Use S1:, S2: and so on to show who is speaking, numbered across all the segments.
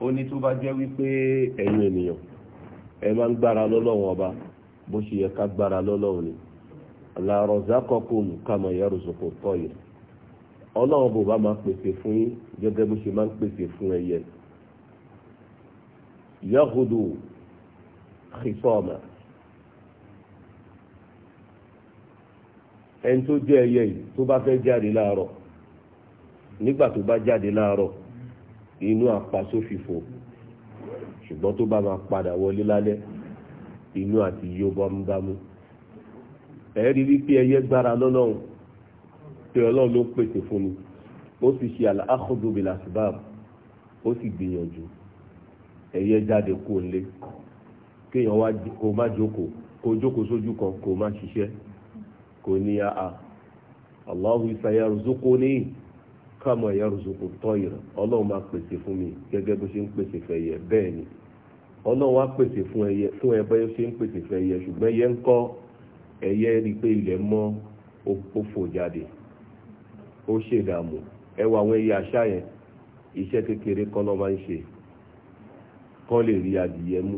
S1: ó ní tó bá jẹ́ wípé ẹ̀yin ènìyàn ẹ máa ń gbára lọ́lọ́run ọba bó ṣe yẹ ká gbára lọ́lọ́run ni làrọ̀zákọ̀kùn kàmá yàrùsọ̀kọ̀ tọ̀ yìí ọlọ́run bò bá máa pèsè fún yín gẹ́gẹ́ bó ṣe máa ń pèsè fún ẹyẹ yahudu xisọ́ọ̀mà ẹni tó jẹ́ ẹyẹ yìí tó bá fẹ́ jáde láàárọ̀ nígbà tó bá jáde láàárọ̀ inú apasófìfò ṣùgbọ́n tó bá máa padà wọlé lálẹ́ inú àti yó bámúbámú ẹ̀rí wípé ẹyẹ gbára lọ́lọ́run pé ọlọ́run ló pèsè fún ni ó sì ṣe àkọ́dóbi làṣìbáàm ó sì gbìyànjú ẹyẹ jáde kó lé kéèyàn wá kó má jókòó kó jókòó sójú kan kó má ṣiṣẹ́ kò ní àá Allahu sayarzuquni kama yarzuqu tayra ọlọ́run máa pèsè fún mi gẹ́gẹ́ bó ṣe ń pèsè fẹ́yẹ bẹ́ẹ̀ ni ọlọ́run wá pèsè fún ẹyẹ fún ẹ bẹ́ẹ̀ ṣe ń pèsè fẹ́yẹ ṣùgbọ́n ẹyẹ ń kọ́ ẹyẹ rí i pé ilẹ̀ mọ́ ó fò jáde ó ṣèdààmú ẹ wọ àwọn ẹyẹ àṣà yẹn iṣẹ́ kékeré kọ́ lọ́ máa ń ṣe kọ́ lè rí adìyẹ mú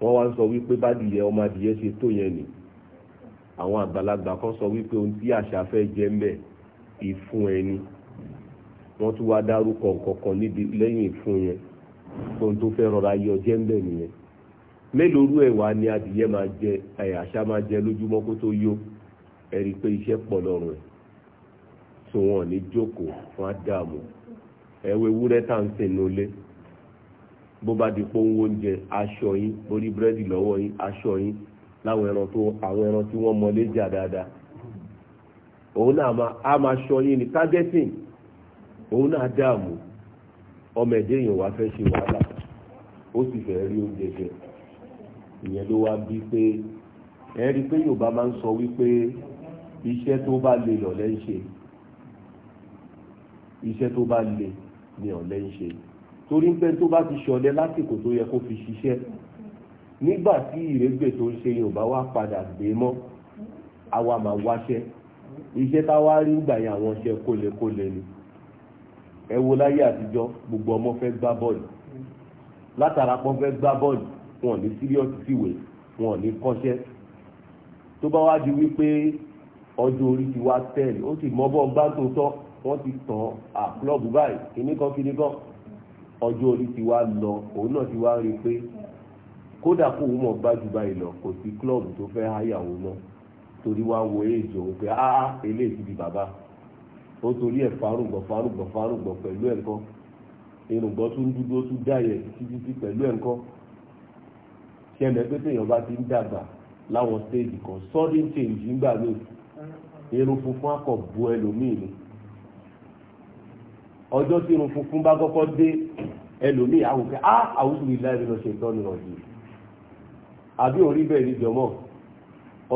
S1: wọ́n wá ń sọ wípé bádìyẹ ọmọ adìyẹ ṣe tó yẹn nì àwọn àgbàlagbà kan sọ wípé ohun tí àṣà fẹ́ jẹ́ ń bẹ́ẹ̀ ìfún ẹni wọ́n tún wá dárúkọ kọ̀ọ̀kan níbi lẹ́yìn ìfún yẹn ohun tó fẹ́ rọra yọ jẹ́ ń bẹ̀ nìyẹn mélòó rú ẹ̀wà ni adìyẹ máa jẹ àṣà máa jẹ lójúmọ́ kó tó yó ẹ̀rí pé iṣẹ́ pọ̀ lọ́rùn ẹ̀ tó wọn ní jókòó wọn á dààmú ẹ̀wọ̀ tá à sè nulẹ̀ bó bá di pé ń wo aṣọ yín borí búrẹ́dì lọ́wọ́ yín aṣọ yín láwọn ẹran tó àwọn ẹran tí wọ́n mọlé jà dáadáa òun náà a máa ṣọ yín ní targeting òun náà dààmú ọmọ ẹ̀dẹ́ èèyàn wá fẹ́ ṣe wàhálà ó sì fẹ́ rí oúnjẹ jẹ ìyẹn ló wá bí pé ẹ rí i pé Yorùbá máa ń sọ wípé iṣẹ́ tó bá le lọ̀lẹ́ ń ṣe iṣẹ́ tó bá le ni ọ̀lẹ́ ń ṣe torí pé tó bá ti ṣọ̀lẹ lásìkò tó yẹ kó fi ṣiṣẹ́ nígbà tí ìrégbè tó ń ṣe Yorùbá wá padà gbé mọ́ àwa máa wáṣẹ́ iṣẹ́ táwa rí gbà yẹn àwọn iṣẹ́ kólekóle ni ẹ wo láyé àtijọ́ gbogbo ọmọ fẹ́ gbá bọ́ọ̀lù látara pọ́n fẹ́ gbá bọ́ọ̀lù wọn ò ní síríọ̀sì síwè wọn ò ní kọ́ṣẹ́ tó bá wá di wípé ọjọ́ orí ti wá tẹ́lẹ̀ ó sì mọ́ bọ́ọ̀ gbá tó tọ́ wọ́n ti tàn á klọ́ọ̀bù báyìí kìnnìkan kìnnìkan ọjọ́ orí ti wá lọ òun náà ti wá rí i pé kódà kó òun mọ̀ gbájú báyìí lọ kò sí klọ́ọ̀bù tó fẹ́ háyà òun náà torí wá wo èjò pé áá ah, ah, eléyìí di bàbá ó torí ẹ̀ farúgbọ̀n farúgbọ̀n farúgbọ̀n pẹ̀lú ẹ̀ ńkọ́ tún dúdú tún dáyẹ̀ títí pẹ̀lú ẹ̀ ńkọ́ ṣẹlẹ̀ pé téèyàn bá ti ń dàgbà láwọn stéèjì kan sudden change ń gbà mí irun funfun akọ bu ẹlòmíì ni ọjọ́ tí irun funfun bá kọ́kọ́ dé ẹlòmíì àwòkẹ́ á ah, àwùjọ ìlà ìrìnà ṣètọ́ nìrọ̀jì àbí orí bẹ́ẹ̀ ni jọmọ́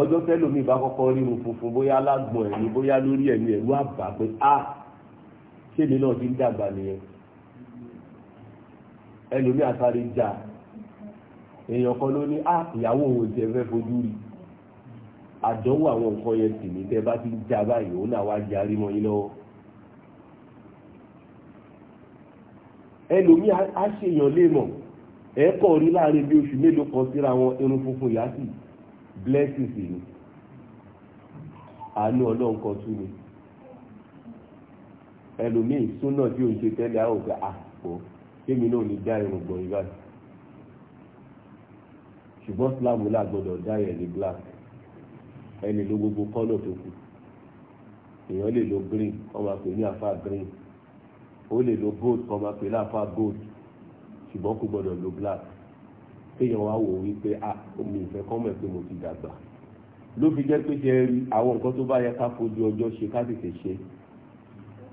S1: ọjọ́ tẹ́lómi bá kọ́kọ́ ríru funfun bóyá alágbọ̀n ẹ̀mí bóyá lórí ẹ̀mí ẹ̀rú àbá pé a ah, ṣèmi náà ti ń dàgbà nìyẹn ẹlòmí àtàrí jà èèyàn kan ló ní a ah, ìyàwó òun ti ẹfẹ́ fojú rí àdánwò àwọn nǹkan yẹn sì ní tẹ́ bá ti ń jà báyìí òun náà wá jarí mọ́ yín lọ́wọ́ ẹlòmí á ṣèyàn lé mọ̀ ẹ̀ẹ́kọ̀ rí láàrin bí oṣù mélòó kan síra wọn irun funfun yá sí i blessings ni àánú ọlọ́run kan tún ni ẹlòmíì súnà tí o ń ṣe tẹ́lẹ̀ àwọn òkè àpò kémi náà ní dá irun gbọ̀n ibà ṣùgbọ́n Islam là gbọ́dọ̀ dá ẹ̀ ní black ẹni ló gbogbo kọ́nà tó kù èèyàn lè lo green kọ́ máa pè ní àfa green ó lè lo gold kọ́ máa pè ní àfa gold ṣùgbọ́n kò gbọ́dọ̀ lo black kéèyàn wá wò wípé a ah, omi ìfẹ́ kọ́ mọ̀ pé mo ti dàgbà ló fi jẹ́ pé jẹ́ rí àwọn nǹkan tó bá yẹ ká fojú ọjọ́ ṣe ká tètè ṣe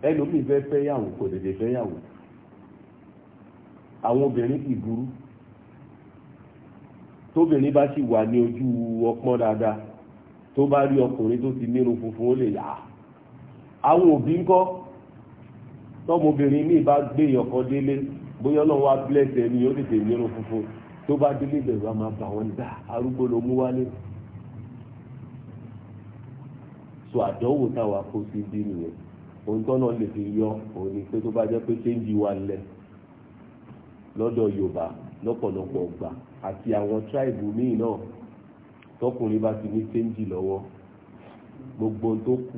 S1: ẹlòmíì fẹ́ fẹ́yàwó kò tètè fẹ́yàwó àwọn obìnrin kì í burú tóbìnrin bá sì wà ní ojú ọpọ́n dáadáa tó bá rí ọkùnrin tó ti nírun funfun ó lè yà á àwọn òbí ń kọ́ tọmọbìnrin míì bá gbé ìyọkọ délé bóyá Ọlọ́run wá bless ẹni yóò tètè nírun funfun tó bá délé bẹ̀rù a máa bà wọ́n dá arúgbó ló mú wálé so àdánwò táwa kó sí bí nìyẹn ohun tọ́nà lè fi yọ òun ni pé tó bá jẹ́ pé ṣéǹjì wa lẹ̀ lọ́dọ̀ Yorùbá lọ́pọ̀lọpọ̀ ọgbà àti àwọn tíráìbù míì náà tọkùnrin bá ti ní ṣéǹjì lọ́wọ́ gbogbo tó kù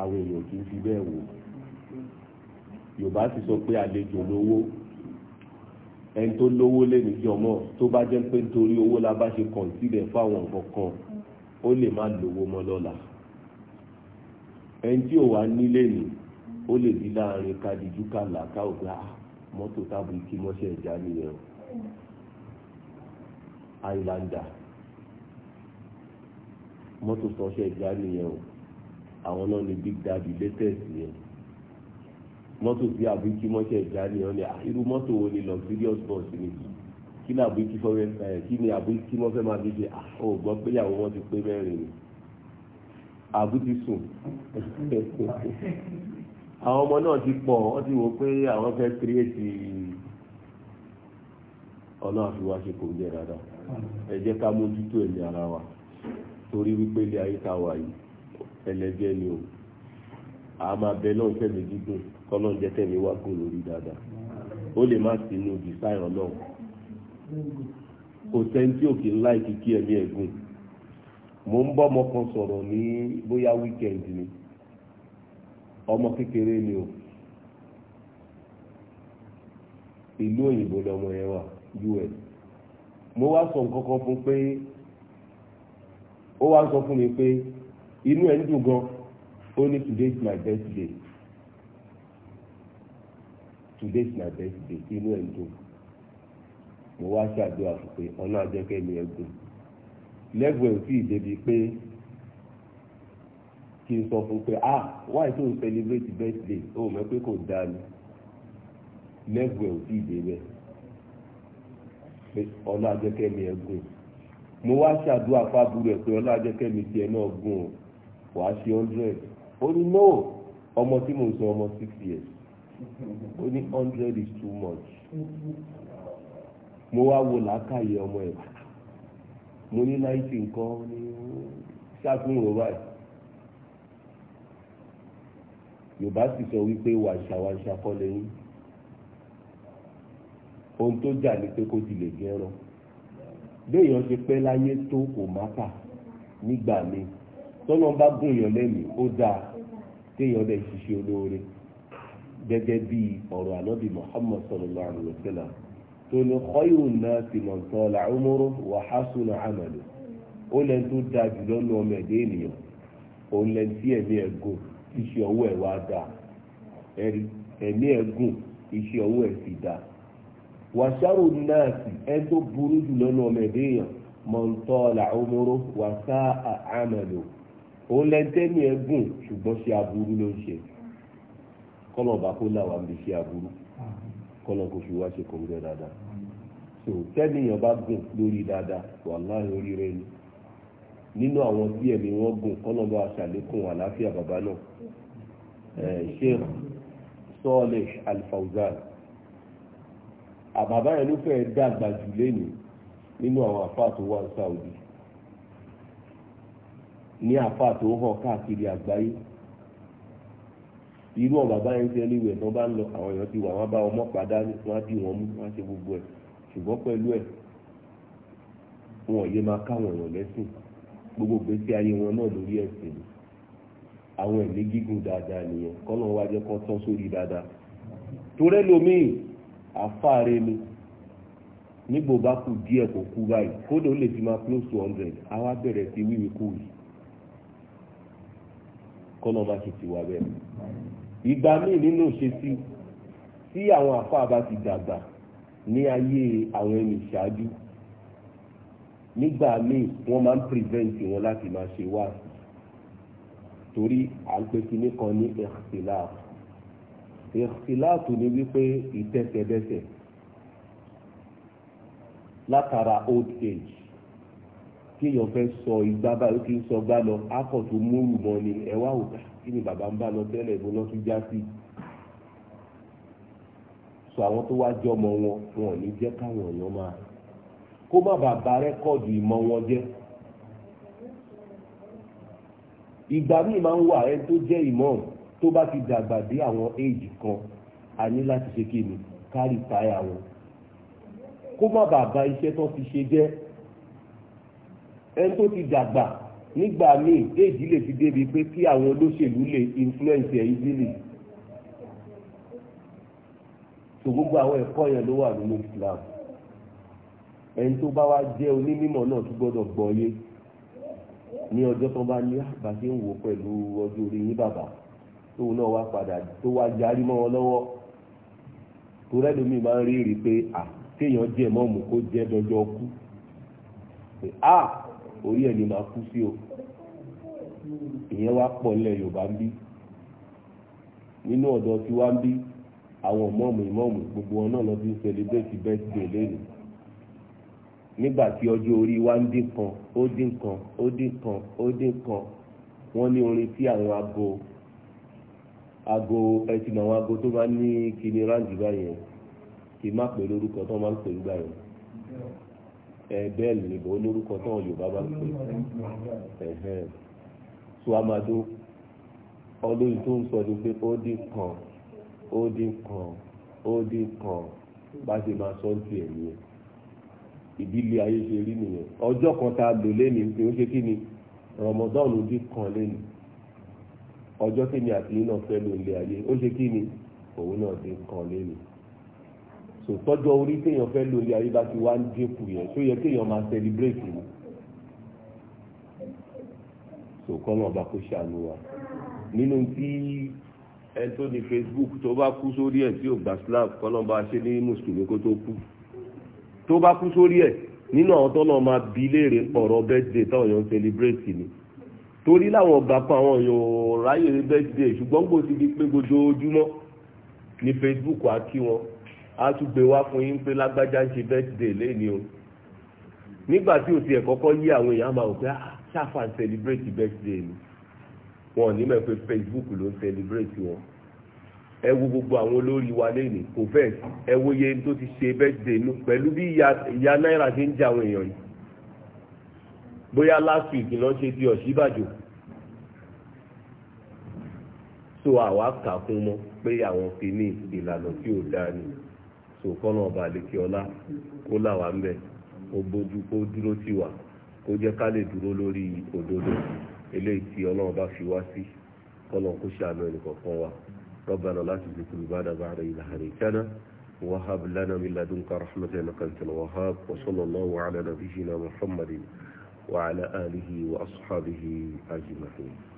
S1: àwọn èèyàn kì í fi bẹ́ẹ̀ wò Yorùbá ti sọ pé àlejò lówó ẹni tó lówó lẹ́nu jọmọ tó bá jẹ́ pé nítorí owó la bá ṣe kọ̀ǹsílẹ̀ fáwọn nǹkan kan ó lè má lówó mọ́ lọ́la ẹni tí ò wá nílé ni ó lè di láàrin kadìjú kàlà káògbé à ah, mọ́tò tábìlì kí mọ́ṣẹ́ ìjà nìyẹn o islander mọ́tò sọ́ṣẹ́ ìjà nìyẹn o àwọn náà ni big daddy latest yẹn mọ́tò tí àbíkí mọ́tò ẹ̀dá ni wọ́n ní ah, irú mọ́tò wo ni luxurious bus ni kí ni àbíkí fọ́fẹ́ ẹ̀ kí ni àbíkí wọ́n fẹ́ máa fi ṣe ah, ò gbọ́ pé ìyàwó wọn ti pé mẹ́rin ni àbú ti sùn àwọn ọmọ náà ti pọ̀ wọ́n ti wò pé àwọn fẹ́ kírètì ọ̀nà àfiwá ṣe kò jẹ́ dáadáa ẹ jẹ́ ká mójútó ẹ̀mí ara wa torí wípé ilé ayé ta wà yìí ẹlẹ́jẹ́ ni o. a máa bẹ lọ́hùn fẹ́mi gígùn kọ́lọ́hùn jẹ́ tẹ̀mí wá dada lórí dáadáa ó lè má sí inú design ọlọ́run kò sẹ́ni tí òkè ńlá ìkíkí ẹ̀mí ẹ̀gùn mo ń bọ́ kan sọ̀rọ̀ ní bóyá ni ọmọ kékeré ni o ìlú òyìnbó yẹn wà us mo wá sọ nǹkan kan fún pé ó wá sọ fún mi pé inú ẹ̀ ń gan Only today is my best day. today is my best day. inú ẹ̀ ń dùn mo wá ṣàdúrà fún pé ọ̀nà àjẹkẹ́ mi ẹ̀ gùn lẹ́gùn ẹ̀ sì débi pé kí n sọ fún pé ah why so celebrate birthday ó mọ̀ pé kò dáa ni lẹ́gùn ẹ̀ ò sì débẹ̀ pé ọ̀nà àjẹkẹ́ mi ẹ̀ gùn mo wá ṣàdúrà fábúrò ẹ̀ pé ọ̀nà àjẹkẹ́ mi tiẹ̀ náà gùn wàá ṣe hundred ó ní no ọmọ tí mo sọ ọmọ six years ó ní hundred is too much mo wá wo làákàyè ọmọ ẹ̀ mo ní náìtì nǹkan ní ṣàfihàn báyìí yorùbá sì sọ wípé wàṣàwàṣà kọ́ lẹ́yìn ohun tó jà ní pé kó ti lè gẹ́rọ béèyàn ṣe pẹ́ láyé tó kò má kà nígbà míì tọ́nà bá gùn yàn lẹ́mìí ó dáa téèyàn dẹ̀ ṣiṣẹ́ olóore gẹ́gẹ́ bí ọ̀rọ̀ ànábì muhammad sallallahu alayhi wa sallam tó ní khayrun nasi man tala umuru wa hasuna amalu ó lẹ́n tó dáa jùlọ ní ọmọ ẹ̀dẹ́ ènìyàn òun lẹ́n tí ẹ̀mí ẹ̀ gùn iṣẹ́ ọwọ́ ẹ̀ wá dáa ẹ̀mí ẹ̀ iṣẹ́ ọwọ́ ẹ̀ sì dáa wa sharu nasi ẹ̀ tó burú jùlọ ní ọmọ ẹ̀dẹ́ èèyàn man tala umuru wa sa'a amalu òun lẹ́ńtẹ́ni ẹ̀ gùn ṣùgbọ́n ṣe aburú ló ń ṣe kọ́lọ̀ bá kó láwa ń bi ṣe aburú kọ́lọ̀ kò fi wá ṣe kòǹgẹ́ dáadáa so tẹ́niyàn bá gùn lórí dáadáa wàláhì oríire ni nínú àwọn tí ẹ̀mí wọn gùn kọ́lọ̀ bá ṣàlékún àlàáfíà bàbá náà ẹ̀ Sheikh Saleh Al-Fawzan àbàbá yẹn ló fẹ́ẹ́ dàgbà jù lẹ́nu nínú àwọn àfáà tó wà ní Saudi ní àfa tó hàn káàkiri àgbáyé irú ọ̀n bàbá yẹn ti ẹni ìwé ẹ̀tàn bá ń lọ àwọn èèyàn ti wà wọ́n bá ọmọ padà wọ́n á dì wọ́n mú wọ́n á ṣe gbogbo ẹ̀ ṣùgbọ́n pẹ̀lú ẹ̀ wọn ò yé máa káwọn èèyàn lẹ́sìn gbogbo gbèsè ayé wọn náà lórí ẹ̀sìn ni àwọn ẹ̀mí gígùn dáadáa nìyẹn kọ́nà wa jẹ́ kó tán sórí dáadáa torí ẹlòmíì àfáàrẹ ni nígbò bá kù díẹ̀ kò kú báyìí kódà ó lè fi máa close to hundred àwa bẹ̀rẹ̀ sí wíwí kú yìí kọ́nà bá ṣe ti wà bẹ́ẹ̀. ìgbà míì nínú ìṣesí tí àwọn àfáà bá ti dàgbà ní ayé àwọn ẹni ìṣáájú nígbà míì wọ́n máa ń prevent wọn láti máa ṣe wá torí à ń pè kíní kan ní ẹ̀xìláàfù ẹ̀xìláàfù ni wípé ìtẹ̀sẹ̀dẹsẹ̀ látara old age kéèyàn fẹ́ sọ ìgbà báyìí sọ gbá lọ akọ̀ tó múrù mọ́ ni ẹ wá òkà kí ni bàbá ń bá lọ tẹ́lẹ̀ já sí. sọ àwọn tó wá jẹ́ ọmọ wọn wọn ò ní jẹ́ káwọn èèyàn máa kó má bàa bà rẹ́kọ̀dù ìmọ̀ wọn jẹ́. ìgbà míì máa ń wà tó jẹ́ ìmọ̀ tó bá ti dàgbà dé àwọn kan a ní láti ṣe kí ni kó má bàa iṣẹ́ tó ẹni tó ti dàgbà nígbà míì déèdì lè ti débi pé kí àwọn olóṣèlú lè influence ẹ̀ easily tó gbogbo àwọn ẹ̀kọ́ yẹn ló wà nínú Islam ẹni tó bá wá jẹ́ onímọ̀ náà tó gbọ́dọ̀ gbọ́yé ní ọjọ́ tó bá ní àgbà tí ń wò pẹ̀lú ọjọ́ orí yín bàbá tóun náà wá padà tó wá yarí mọ́ wọn lọ́wọ́ tó rẹ́lómi máa ń rí rí pé à kéèyàn jẹ́ mọ́ọ̀mù kó jẹ́ dọjọ́ kú orí ẹ̀ ni máa kú sí o ìyẹn wá pọ̀ nílẹ̀ Yorùbá ń bí nínú ọ̀dọ̀ tí wá ń bí àwọn mọ́ọ̀mù ìmọ̀ọ̀mù gbogbo wọn náà lọ fi ń celebrate birthday lẹ́nu nígbà tí ọjọ́ orí wa ń dín kan ó dín kan ó dín kan ó dín kan wọ́n ní orin tí àwọn aago aago ẹtìmọ̀ àwọn aago tó máa ní kíni ráǹdì báyẹn kì í má pè lórúkọ tó máa ń pè nígbà yẹn bẹ́ẹ̀lì nìbọn olórúkọ náà yorùbá bá ń pè é suamado ọlọ́yìn tó ń sọ pé ó dín kan ó dín kan ó dín kan bá sọ ẹ̀ nìyẹn ayé ṣe rí nìyẹn ọjọ́ kan tá a lò ó ṣe kí ni rọmọdọ́ọ̀nù dín kan lẹ́nìí ọjọ́ kí ni náà fẹ́ lò lé ayé ó ṣe kí ni òun náà dín kan lẹ́nìí. sòtọ́jọ́ orí téèyàn fẹ́ lórí ayé bá ti wá ń dínkù yẹn tó yẹ kéèyàn máa sẹlibrétì ni sòkọ́nà ọba kó ṣàánú wa nínú tí ẹni tó ní Facebook tó bá kú sórí ẹ̀ tí ò gbà slap kọ́nọ́ba ṣe ní mùsùlùmí kó tó kú tó bá kú sórí ẹ̀ nínú àwọn tó náà máa bi léèrè ọ̀rọ̀ birthday táwọn èèyàn ń sẹlibrétì ni torí láwọn ọgbà pa àwọn èèyàn ráyè birthday ṣùgbọ́n gbòó ti di pé gbogbo ní Facebook á kí wọn a tún gbé wá fún yín pé lágbájá ń ṣe birthday lẹ́ni o nígbà tí o ti ẹ̀ kọ́kọ́ yí àwọn èèyàn máa wò pé ah, ṣáfà ń celebrate birthday ni wọn ò ní mọ̀ pé Facebook ló ń celebrate wọn ẹ wo gbogbo àwọn olórí wa lẹ́nu kò fẹ́ ẹ wo iye tó ti ṣe birthday nu pẹ̀lú bí ìyá náírà ti ń jẹ àwọn èèyàn yìí bóyá last week ló ṣe di Ọ̀ṣínbàjò so àwa kà fún wọn pé àwọn kìíní ìlànà tí ò dáa ni sòkọ́nà ọba àlekè ọlá kó là wá ń bẹ̀ ó bójú kó dúró tì wá kó jẹ́ ká lè dúró lórí òdodo eléyìí tí ọlọ́run bá fi wá sí kọ́nà kó ṣàánú ẹnìkọ̀ọ̀kan wa ربنا لا تزغ قلوبنا بعد إذ هديتنا وهب لنا من لدنك رحمة إنك أنت الوهاب وصلى الله على نبينا محمد وعلى آله وأصحابه أجمعين